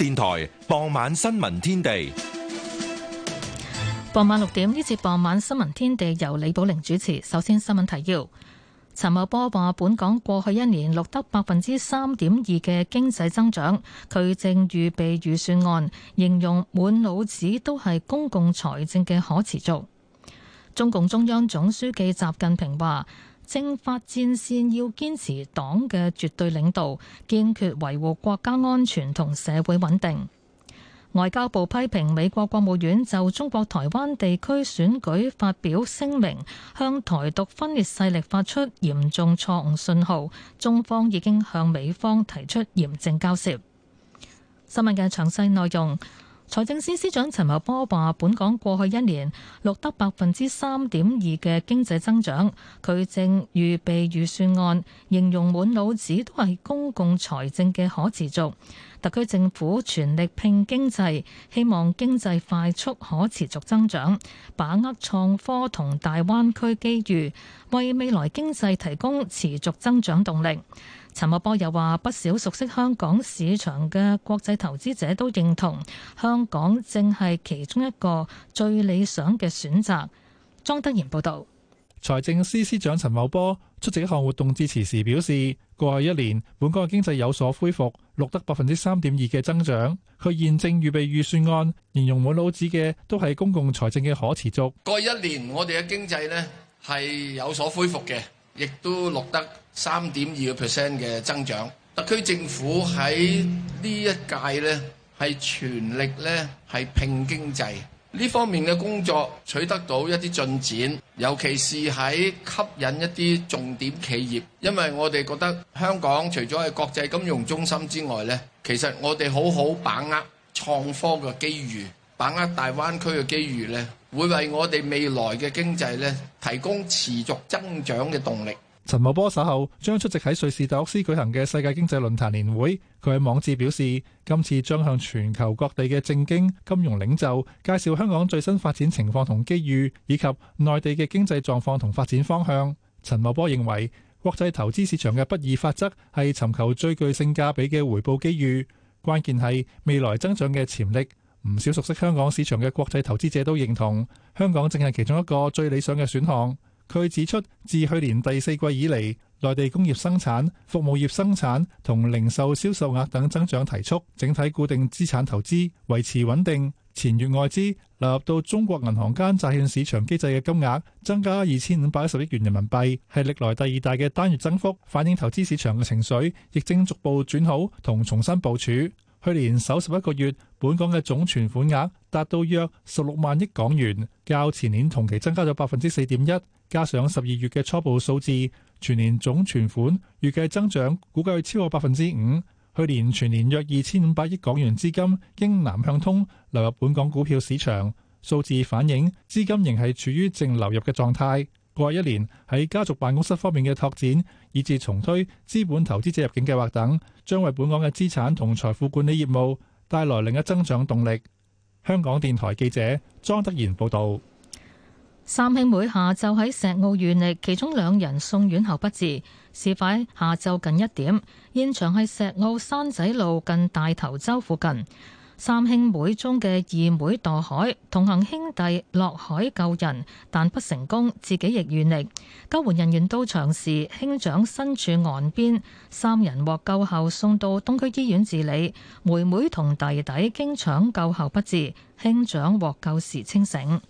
電台傍晚新聞天地，傍晚六點，呢次傍晚新聞天地由李寶玲主持。首先新聞提要，陳茂波話，本港過去一年錄得百分之三點二嘅經濟增長。佢正預備預算案，形容滿腦子都係公共財政嘅可持續。中共中央總書記習近平話。政法戰線要堅持黨嘅絕對領導，堅決維護國家安全同社會穩定。外交部批評美國國務院就中國台灣地區選舉發表聲明，向台獨分裂勢力發出嚴重錯誤信號。中方已經向美方提出嚴正交涉。新聞嘅詳細內容。財政司司長陳茂波話，本港過去一年錄得百分之三點二嘅經濟增長。佢正預備預算案，形容滿腦子都係公共財政嘅可持續。特區政府全力拼經濟，希望經濟快速可持續增長，把握創科同大灣區機遇，為未來經濟提供持續增長動力。陳茂波又話，不少熟悉香港市場嘅國際投資者都認同，香港正係其中一個最理想嘅選擇。莊德賢報道，財政司司長陳茂波出席一項活動致辭時表示，過去一年本港嘅經濟有所恢復，錄得百分之三點二嘅增長。佢現正預備預算案，形容滿腦子嘅都係公共財政嘅可持續。過去一年，我哋嘅經濟呢係有所恢復嘅。亦都錄得三點二個 percent 嘅增長，特區政府喺呢一屆咧，係全力咧，係拼經濟呢方面嘅工作，取得到一啲進展，尤其是喺吸引一啲重點企業，因為我哋覺得香港除咗係國際金融中心之外咧，其實我哋好好把握創科嘅機遇，把握大灣區嘅機遇咧。會為我哋未來嘅經濟咧提供持續增長嘅動力。陳茂波稍後將出席喺瑞士達沃斯舉行嘅世界經濟論壇年會。佢喺網誌表示，今次將向全球各地嘅政經金融領袖介紹香港最新發展情況同機遇，以及內地嘅經濟狀況同發展方向。陳茂波認為，國際投資市場嘅不二法則係尋求最具性價比嘅回報機遇，關鍵係未來增長嘅潛力。唔少熟悉香港市場嘅國際投資者都認同，香港正係其中一個最理想嘅選項。佢指出，自去年第四季以嚟，內地工業生產、服務業生產同零售銷售額等增長提速，整體固定資產投資維持穩定。前月外資流入到中國銀行間債券市場機制嘅金額增加二千五百一十億元人民幣，係歷來第二大嘅單月增幅，反映投資市場嘅情緒亦正逐步轉好同重新部署。去年首十一個月，本港嘅總存款額達到約十六萬億港元，較前年同期增加咗百分之四點一。加上十二月嘅初步數字，全年總存款預計增長估計超過百分之五。去年全年約二千五百億港元資金經南向通流入本港股票市場，數字反映資金仍係處於淨流入嘅狀態。過去一年喺家族辦公室方面嘅拓展，以至重推資本投資者入境計劃等，將為本港嘅資產同財富管理業務帶來另一增長動力。香港電台記者莊德賢報道：三兄妹下晝喺石澳遇溺，其中兩人送院後不治。事發下晝近一點，現場係石澳山仔路近大頭洲附近。三兄妹中嘅二妹墮海，同行兄弟落海救人，但不成功，自己亦遇溺。救援人員到場時兄長身處岸邊，三人獲救後送到東區醫院治理。妹妹同弟弟經搶救後不治，兄長獲救時清醒。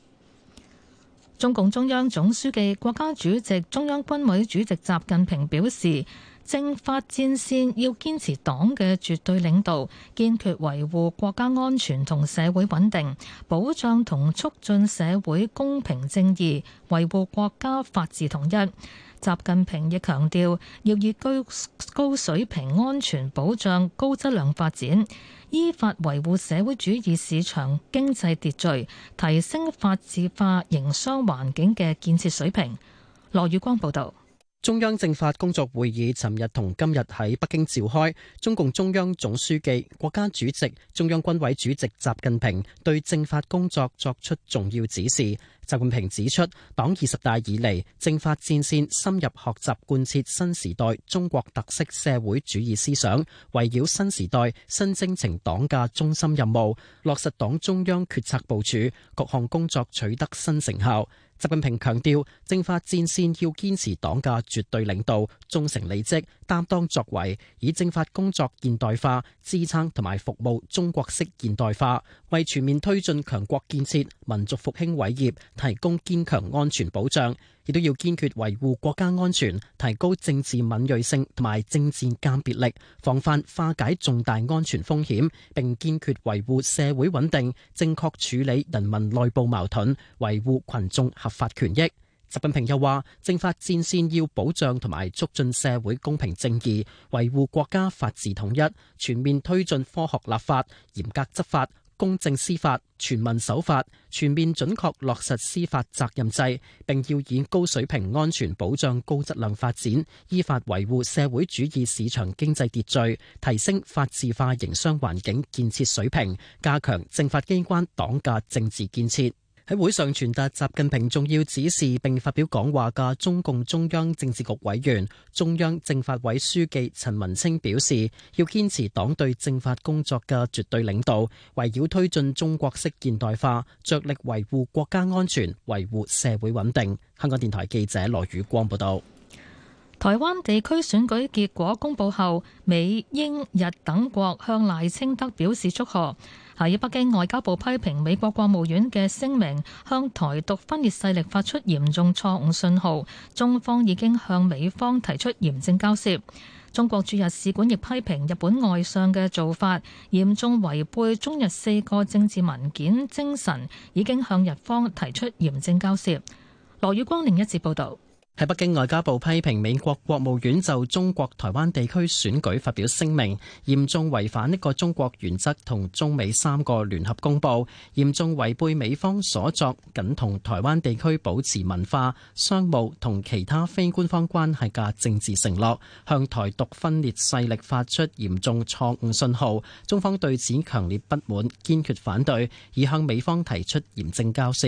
中共中央總書記、國家主席、中央軍委主席習近平表示。政法戰線要堅持黨嘅絕對領導，堅決維護國家安全同社會穩定，保障同促進社會公平正義，維護國家法治統一。習近平亦強調，要以高高水平安全保障高質量發展，依法維護社會主義市場經濟秩序，提升法治化營商環境嘅建設水平。羅宇光報道。中央政法工作會議尋日同今日喺北京召開。中共中央總書記、國家主席、中央軍委主席習近平對政法工作作出重要指示。習近平指出，黨二十大以嚟，政法戰線深入學習貫徹新時代中國特色社會主義思想，圍繞新時代新征程黨嘅中心任務，落實黨中央決策部署，各項工作取得新成效。習近平強調，政法戰線要堅持黨嘅絕對領導，忠誠履職，擔當作為，以政法工作現代化支撐同埋服務中國式現代化，為全面推進強國建設、民族復興偉業提供堅強安全保障。亦都要堅決維護國家安全，提高政治敏銳性同埋政治鑑別力，防範化解重大安全風險，並堅決維護社會穩定，正確處理人民內部矛盾，維護群眾合法權益。習近平又話，政法戰線要保障同埋促進社會公平正義，維護國家法治統一，全面推進科學立法、嚴格執法。公正司法、全民守法、全面準確落實司法責任制，並要以高水平安全保障高質量發展，依法維護社會主義市場經濟秩序，提升法治化營商環境建設水平，加強政法機關黨嘅政治建設。喺會上傳達習近平重要指示並發表講話嘅中共中央政治局委員、中央政法委書記陳文清表示，要堅持黨對政法工作嘅絕對領導，圍繞推進中國式現代化，着力維護國家安全、維護社會穩定。香港電台記者羅宇光報道。台灣地區選舉結果公佈後，美、英、日等國向賴清德表示祝賀。喺北京，外交部批評美國國務院嘅聲明向台獨分裂勢力發出嚴重錯誤信號，中方已經向美方提出嚴正交涉。中國駐日使館亦批評日本外相嘅做法嚴重違背中日四個政治文件精神，已經向日方提出嚴正交涉。羅宇光另一節報導。喺北京，外交部批評美國國務院就中國台灣地區選舉發表聲明，嚴重違反一個中國原則同中美三個聯合公報，嚴重違背美方所作僅同台灣地區保持文化、商務同其他非官方關係嘅政治承諾，向台獨分裂勢力發出嚴重錯誤信號。中方對此強烈不滿，堅決反對，已向美方提出嚴正交涉。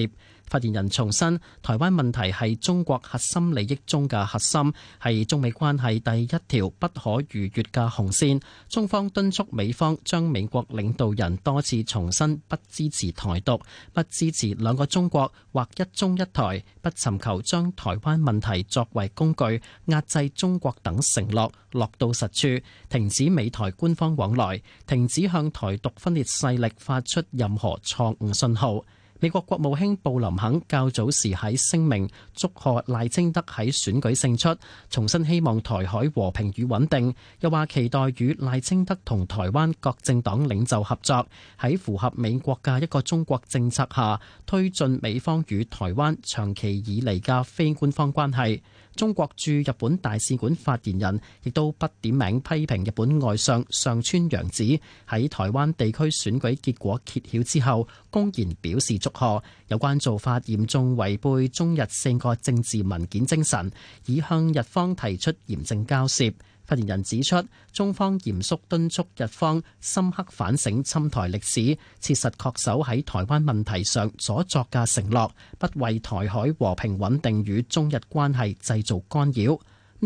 發言人重申，台灣問題係中國核心利益中嘅核心，係中美關係第一條不可逾越嘅紅線。中方敦促美方將美國領導人多次重申不支持台獨、不支持兩個中國或一中一台、不尋求將台灣問題作為工具，壓制中國等承諾，落到實處，停止美台官方往來，停止向台獨分裂勢力發出任何錯誤信號。美國國務卿布林肯較早時喺聲明祝賀賴清德喺選舉勝出，重申希望台海和平與穩定，又話期待與賴清德同台灣各政黨領袖合作，喺符合美國嘅一個中國政策下，推進美方與台灣長期以嚟嘅非官方關係。中國駐日本大使館發言人亦都不點名批評日本外相上川陽子喺台灣地區選舉結果揭曉之後，公然表示祝賀，有關做法嚴重違背中日四個政治文件精神，已向日方提出嚴正交涉。發言人指出，中方嚴肅敦促日方深刻反省侵台歷史，切實確守喺台灣問題上所作嘅承諾，不為台海和平穩定與中日關係製造干擾。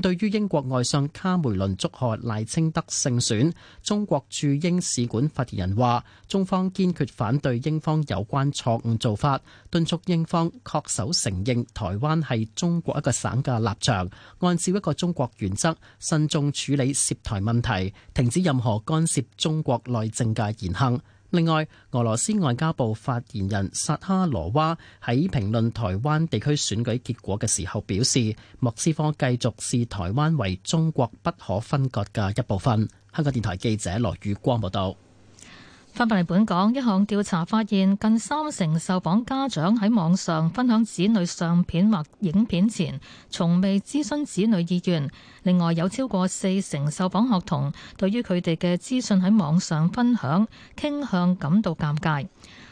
對於英國外相卡梅倫祝賀賴清德勝選，中國駐英使館發言人話，中方堅決反對英方有關錯誤做法，敦促英方恪守承認台灣係中國一個省嘅立場，按照一個中國原則，慎重處理涉台問題，停止任何干涉中國內政嘅言行。另外，俄羅斯外交部發言人薩哈羅娃喺評論台灣地區選舉結果嘅時候表示，莫斯科繼續視台灣為中國不可分割嘅一部分。香港電台記者羅宇光報道。翻返嚟本港，一項調查發現，近三成受訪家長喺網上分享子女相片或影片前，從未諮詢子女意願。另外，有超過四成受訪學童對於佢哋嘅資訊喺網上分享，傾向感到尷尬。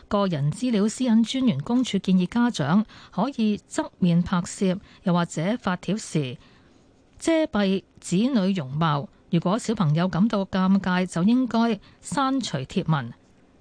個人資料私隱專員公署建議家長可以側面拍攝，又或者發帖時遮蔽子女容貌。如果小朋友感到尷尬，就應該刪除貼文。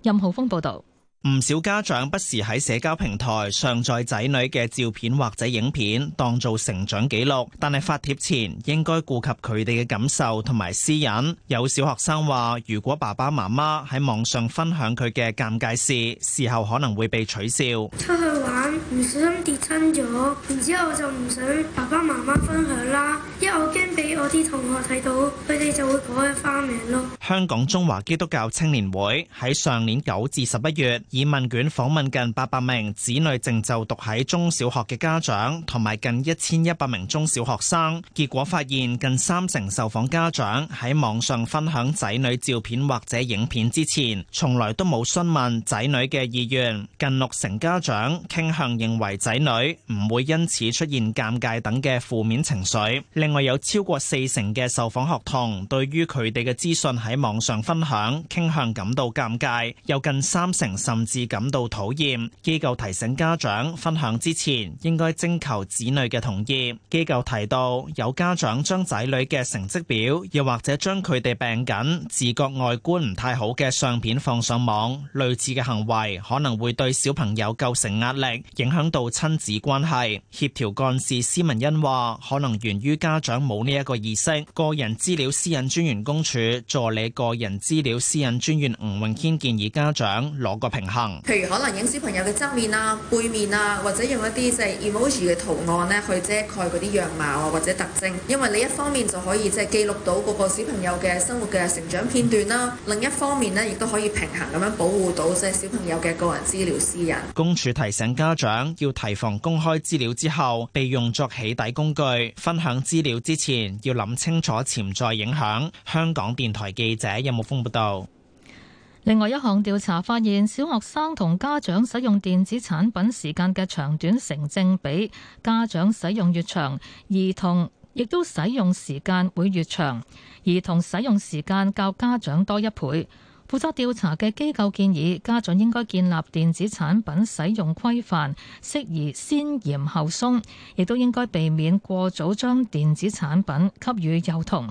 任浩峰報道。唔少家長不時喺社交平台上載仔女嘅照片或者影片當做成長記錄，但係發貼前應該顧及佢哋嘅感受同埋私隱。有小學生話，如果爸爸媽媽喺網上分享佢嘅尷尬事，事後可能會被取笑。出去玩。 唔小心跌親咗，然之後就唔想爸爸媽媽分享啦，因為我驚俾我啲同學睇到，佢哋就會改花名咯。香港中華基督教青年會喺上年九至十一月，以問卷訪問近八百名子女正就讀喺中小學嘅家長，同埋近一千一百名中小學生，結果發現近三成受訪家長喺網上分享仔女照片或者影片之前，從來都冇詢問仔女嘅意願，近六成家長傾向。認為仔女唔會因此出現尷尬等嘅負面情緒。另外有超過四成嘅受訪學童對於佢哋嘅資訊喺網上分享傾向感到尷尬，有近三成甚至感到討厭。機構提醒家長分享之前應該徵求子女嘅同意。機構提到有家長將仔女嘅成績表，又或者將佢哋病緊、自覺外觀唔太好嘅相片放上網，類似嘅行為可能會對小朋友構成壓力，影。影響到親子關係。協調幹事施文恩話，可能源於家長冇呢一個意識。個人資料私隱專員公署助理個人資料私隱專員吳永軒建議家長攞個平衡，譬如可能影小朋友嘅側面啊、背面啊，或者用一啲即係 emoji 嘅圖案呢去遮蓋嗰啲樣貌啊或者特徵，因為你一方面就可以即係記錄到嗰個小朋友嘅生活嘅成長片段啦，另一方面呢亦都可以平衡咁樣保護到即係小朋友嘅個人資料私隱。公署提醒家長。要提防公開資料之後被用作起底工具，分享資料之前要諗清楚潛在影響。香港電台記者任木峰報道。另外，一項調查發現，小學生同家長使用電子產品時間嘅長短成正比，家長使用越長，兒童亦都使用時間會越長，兒童使用時間較家長多一倍。負責調查嘅機構建議家長應該建立電子產品使用規範，適宜先嚴後鬆，亦都應該避免過早將電子產品給予幼童。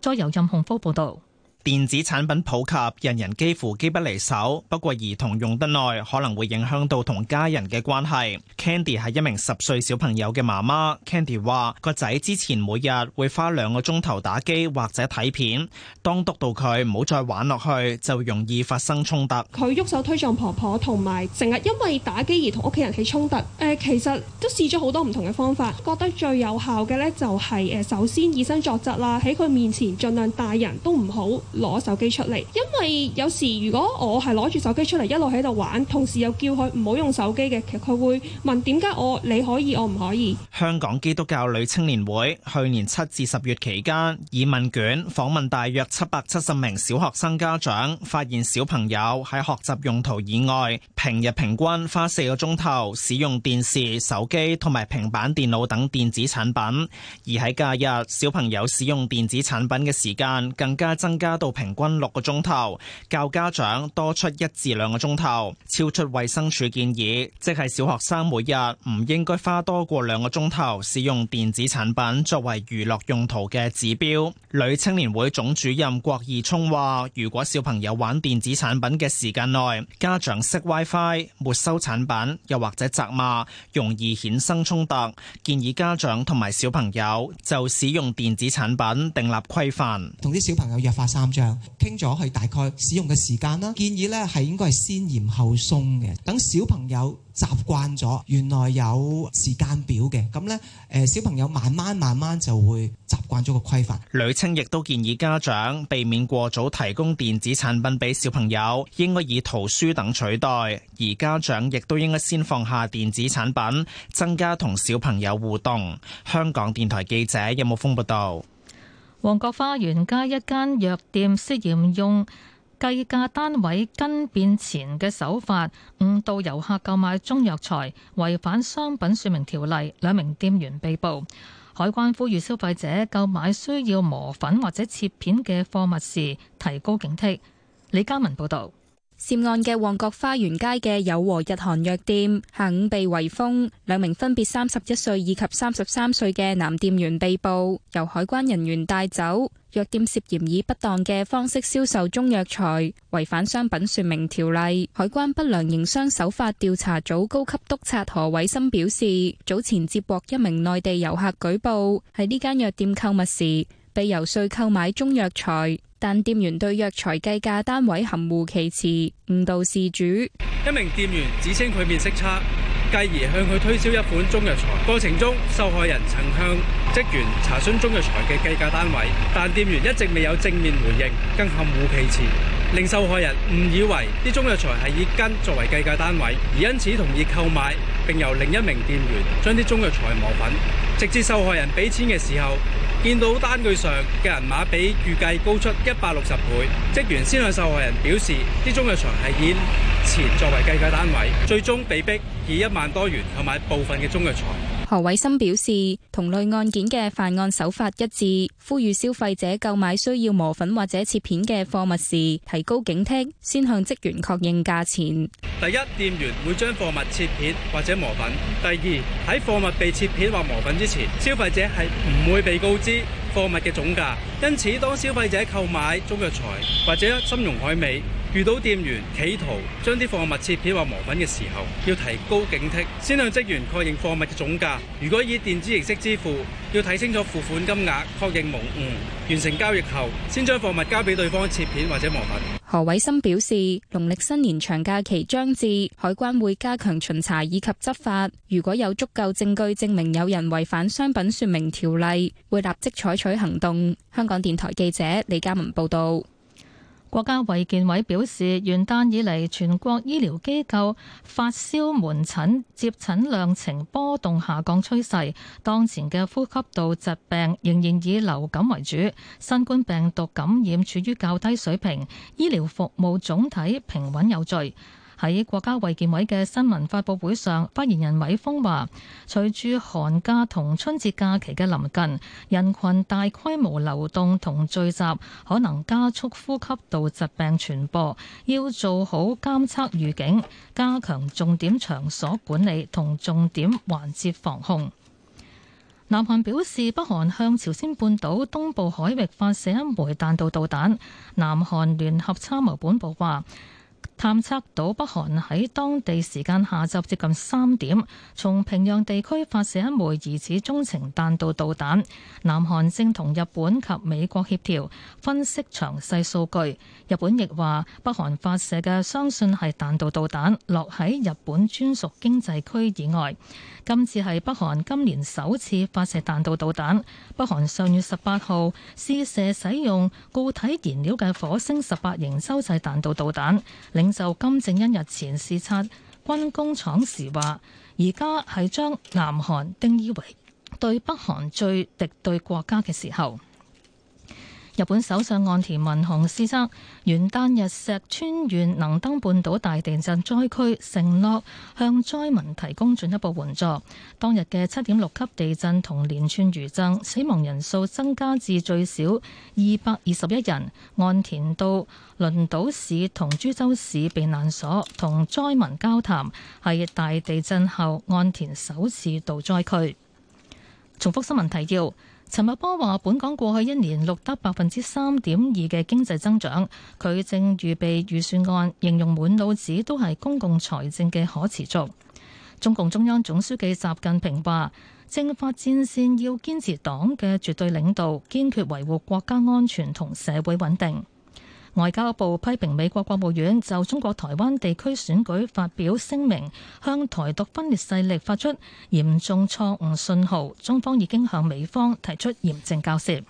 再由任洪波報導。電子產品普及，人人幾乎機不離手。不過，兒童用得耐，可能會影響到同家人嘅關係。Candy 係一名十歲小朋友嘅媽媽。Candy 話個仔之前每日會花兩個鐘頭打機或者睇片，當督到佢唔好再玩落去，就容易發生衝突。佢喐手推撞婆婆，同埋成日因為打機而同屋企人起衝突。誒、呃，其實都試咗好多唔同嘅方法，覺得最有效嘅咧就係誒首先以身作則啦，喺佢面前盡量大人都唔好攞手機出嚟，因為有時如果我係攞住手機出嚟一路喺度玩，同時又叫佢唔好用手機嘅，其實佢會問點解我你可以我唔可以？香港基督教女青年會去年七至十月期間以問卷訪問大約七百七十名小學生家長，發現小朋友喺學習用途以外，平日平均花四個鐘頭使用電視、手機同埋平板電腦等電子產品，而喺假日，小朋友使用電子產品嘅時間更加增加。到平均六個鐘頭，教家長多出一至兩個鐘頭，超出衛生署建議，即係小學生每日唔應該花多過兩個鐘頭使用電子產品作為娛樂用途嘅指標。女青年會總主任郭義聰話：，如果小朋友玩電子產品嘅時間內，家長識 WiFi、Fi, 沒收產品，又或者責罵，容易衍生衝突，建議家長同埋小朋友就使用電子產品訂立規範，同啲小朋友約法三。傾咗係大概使用嘅時間啦，建議呢係應該係先嚴後鬆嘅，等小朋友習慣咗，原來有時間表嘅，咁呢，誒，小朋友慢慢慢慢就會習慣咗個規範。呂清亦都建議家長避免過早提供電子產品俾小朋友，應該以圖書等取代，而家長亦都應該先放下電子產品，增加同小朋友互動。香港電台記者任木峰報道。旺角花園街一間藥店涉嫌用計價單位更變錢嘅手法誤導遊客購買中藥材，違反商品説明條例，兩名店員被捕。海關呼籲消費者購買需要磨粉或者切片嘅貨物時，提高警惕。李嘉文報道。涉案嘅旺角花園街嘅友和日韓藥店下午被圍封，兩名分別三十一歲以及三十三歲嘅男店員被捕，由海關人員帶走。藥店涉嫌以不當嘅方式銷售中藥材，違反商品說明條例。海關不良營商手法調查組高級督察何偉森表示，早前接獲一名內地遊客舉報，喺呢間藥店購物時，被遊說購買中藥材，但店員對藥材計價單位含糊其辭，誤導事主。一名店員指稱佢面色差，繼而向佢推銷一款中藥材。過程中，受害人曾向職員查詢中藥材嘅計價單位，但店員一直未有正面回應，更含糊其辭，令受害人誤以為啲中藥材係以斤作為計價單位，而因此同意購買，並由另一名店員將啲中藥材磨粉，直至受害人俾錢嘅時候，見到單據上嘅人馬比預計高出一百六十倍，職員先向受害人表示啲中藥材係以錢作為計價單位，最終被逼以一萬多元購買部分嘅中藥材。何偉森表示，同類案件嘅犯案手法一致，呼籲消費者購買需要磨粉或者切片嘅貨物時，提高警惕，先向職員確認價錢。第一，店員會將貨物切片或者磨粉；第二，喺貨物被切片或磨粉之前，消費者係唔會被告知貨物嘅總價。因此，當消費者購買中藥材或者參茸海味，遇到店員企圖將啲貨物切片或磨粉嘅時候，要提高警惕，先向職員確認貨物嘅總價。如果以電子形式支付，要睇清楚付款金額，確認無誤。完成交易後，先將貨物交俾對方切片或者磨粉。何偉森表示，農曆新年長假期將至，海關會加強巡查以及執法。如果有足夠證據證明有人違反商品說明條例，會立即採取行動。香港電台記者李嘉文報道。國家衛健委表示，元旦以嚟，全國醫療機構發燒門診接診量呈波動下降趨勢。當前嘅呼吸道疾病仍然以流感為主，新冠病毒感染處於較低水平，醫療服務總體平穩有序。喺國家衛健委嘅新聞發佈會上，發言人米峰話：隨住寒假同春節假期嘅臨近，人群大規模流動同聚集可能加速呼吸道疾病傳播，要做好監測預警，加強重點場所管理同重點環節防控。南韓表示，北韓向朝鮮半島東部海域發射一枚彈道導彈。南韓聯合參謀本部話。探測到北韓喺當地時間下晝接近三點，從平壤地區發射一枚疑似中程彈道導彈。南韓正同日本及美國協調分析詳細數據。日本亦話北韓發射嘅相信係彈道導彈，落喺日本專屬經濟區以外。今次係北韓今年首次發射彈道導彈。北韓上月十八號試射使用固體燃料嘅火星十八型洲際彈道導彈。領袖金正恩日前視察軍工廠時話：而家係將南韓定義為對北韓最敵對國家嘅時候。日本首相岸田文雄視察元旦日石川縣能登半島大地震災區，承諾向災民提供進一步援助。當日嘅七點六級地震同連串餘震，死亡人數增加至最少二百二十一人。岸田到輪島市同珠洲市避難所同災民交談，係大地震後岸田首次到災區。重複新聞提要。陳茂波話：本港過去一年錄得百分之三點二嘅經濟增長，佢正預備預算案，形容滿腦子都係公共財政嘅可持續。中共中央總書記習近平話：政法戰線要堅持黨嘅絕對領導，堅決維護國家安全同社會穩定。外交部批評美國國務院就中國台灣地區選舉發表聲明，向台獨分裂勢力發出嚴重錯誤信號。中方已經向美方提出嚴正交涉。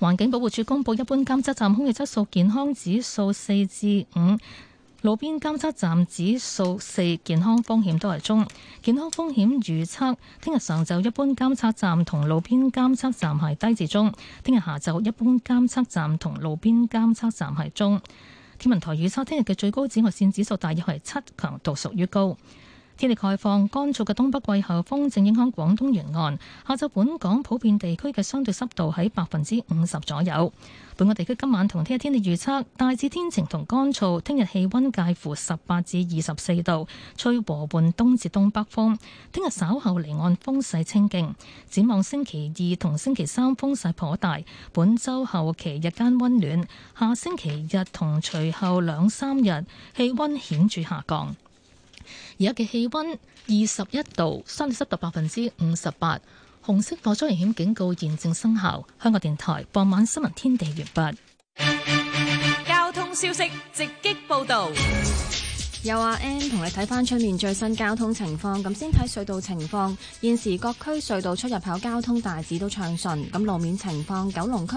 環境保護署公佈，一般監測站空氣質素健康指數四至五。路邊監測站指數四，健康風險都係中。健康風險預測，聽日上晝一般監測站同路邊監測站係低至中。聽日下晝一般監測站同路邊監測站係中。天文台預測，聽日嘅最高紫外線指數大約係七，強度屬於高。天氣開放，乾燥嘅東北季候風正影響廣東沿岸。下晝本港普遍地區嘅相對濕度喺百分之五十左右。本個地區今晚同聽日天氣預測，大致天晴同乾燥，聽日氣温介乎十八至二十四度，吹和緩東至東北風。聽日稍後離岸風勢清勁，展望星期二同星期三風勢頗大。本週後期日間温暖，下星期日同隨後兩三日氣温顯著下降。而家嘅氣溫二十一度，相對濕度百分之五十八，紅色火災危險警告現正生效。香港電台傍晚新聞天地完畢。交通消息直擊報道。又話 M 同你睇翻出面最新交通情況，咁先睇隧道情況。現時各區隧道出入口交通大致都暢順。咁路面情況，九龍區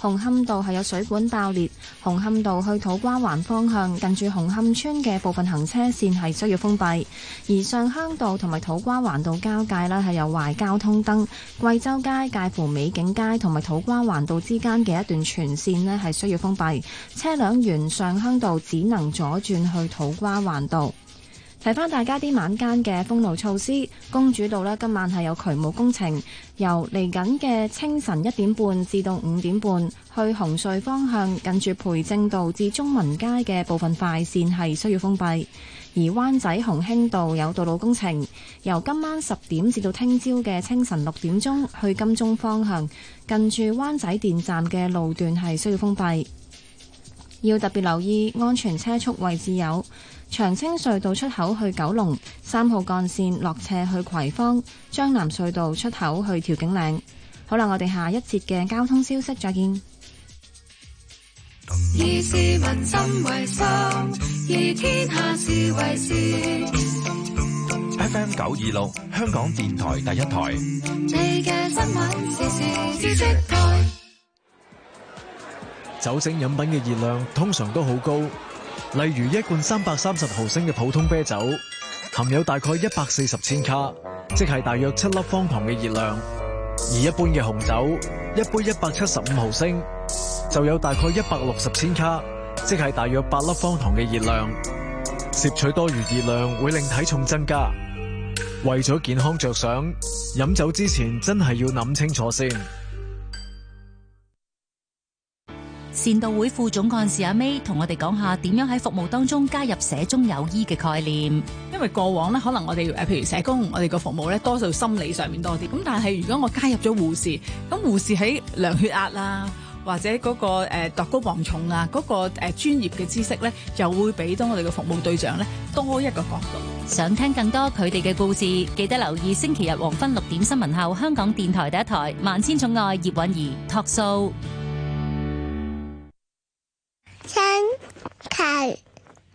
紅磡道係有水管爆裂，紅磡道去土瓜灣方向近住紅磡村嘅部分行車線係需要封閉。而上鄉道同埋土瓜灣道交界呢係有壞交通燈，貴州街介乎美景街同埋土瓜灣道之間嘅一段全線呢係需要封閉，車輛沿上鄉道只能左轉去土瓜環道睇，返大家啲晚間嘅封路措施，公主道呢，今晚係有渠務工程，由嚟緊嘅清晨一點半至到五點半，去紅隧方向近住培正道至中文街嘅部分快線係需要封閉；而灣仔鴻興道有道路工程，由今晚十點至到聽朝嘅清晨六點鐘，去金鐘方向近住灣仔電站嘅路段係需要封閉。要特別留意安全車速位置，有長青隧道出口去九龍、三號幹線落斜去葵芳、將南隧道出口去調景嶺。好啦，我哋下一節嘅交通消息再見。以天下事為事。FM 九二六香港電台第一台。酒精飲品嘅熱量通常都好高，例如一罐三百三十毫升嘅普通啤酒，含有大概一百四十千卡，即係大約七粒方糖嘅熱量；而一般嘅紅酒，一杯一百七十五毫升就有大概一百六十千卡，即係大約八粒方糖嘅熱量。攝取多餘熱量會令體重增加，為咗健康着想，飲酒之前真係要諗清楚先。善道會副總幹事阿 May 同我哋講下點樣喺服務當中加入社中有醫嘅概念。因為過往咧，可能我哋誒，譬如社工，我哋個服務咧，多數心理上面多啲。咁但係如果我加入咗護士，咁護士喺量血壓啦，或者嗰個誒度高磅重啊，嗰個誒專業嘅知識咧，又會俾到我哋嘅服務對象咧多一個角度。想聽更多佢哋嘅故事，記得留意星期日黃昏六點新聞後，香港電台第一台《萬千寵愛葉韻儀》托數。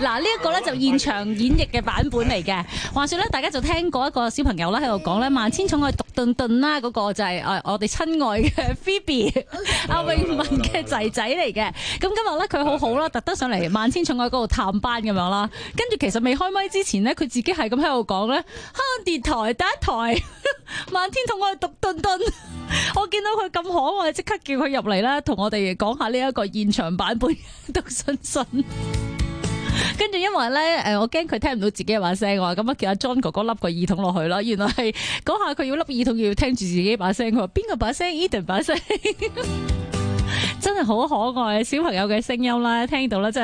嗱，呢一個咧就現場演繹嘅版本嚟嘅，話説咧，大家就聽過一個小朋友啦，喺度講咧《萬千寵愛獨頓頓》啦，嗰個就係誒我哋親愛嘅 Phoebe 阿穎文嘅仔仔嚟嘅。咁、oh、今日咧佢好好啦，特登、oh、上嚟《萬千寵愛》嗰度探班咁樣啦。跟住其實未開麥之前呢，佢自己係咁喺度講咧，香港電台第一台《萬千寵愛獨頓頓，》 我見到佢咁可愛，即刻叫佢入嚟啦，同我哋講下呢一個現場版本獨訊訊。跟住因為咧，誒，我驚佢聽唔到自己把聲，我話咁啊叫阿 John 哥哥笠個耳筒落去啦。原來係下佢要笠耳筒，要聽住自己把聲。佢話邊個把聲？Eden 把聲， 真係好可愛小朋友嘅聲音啦，聽到啦真。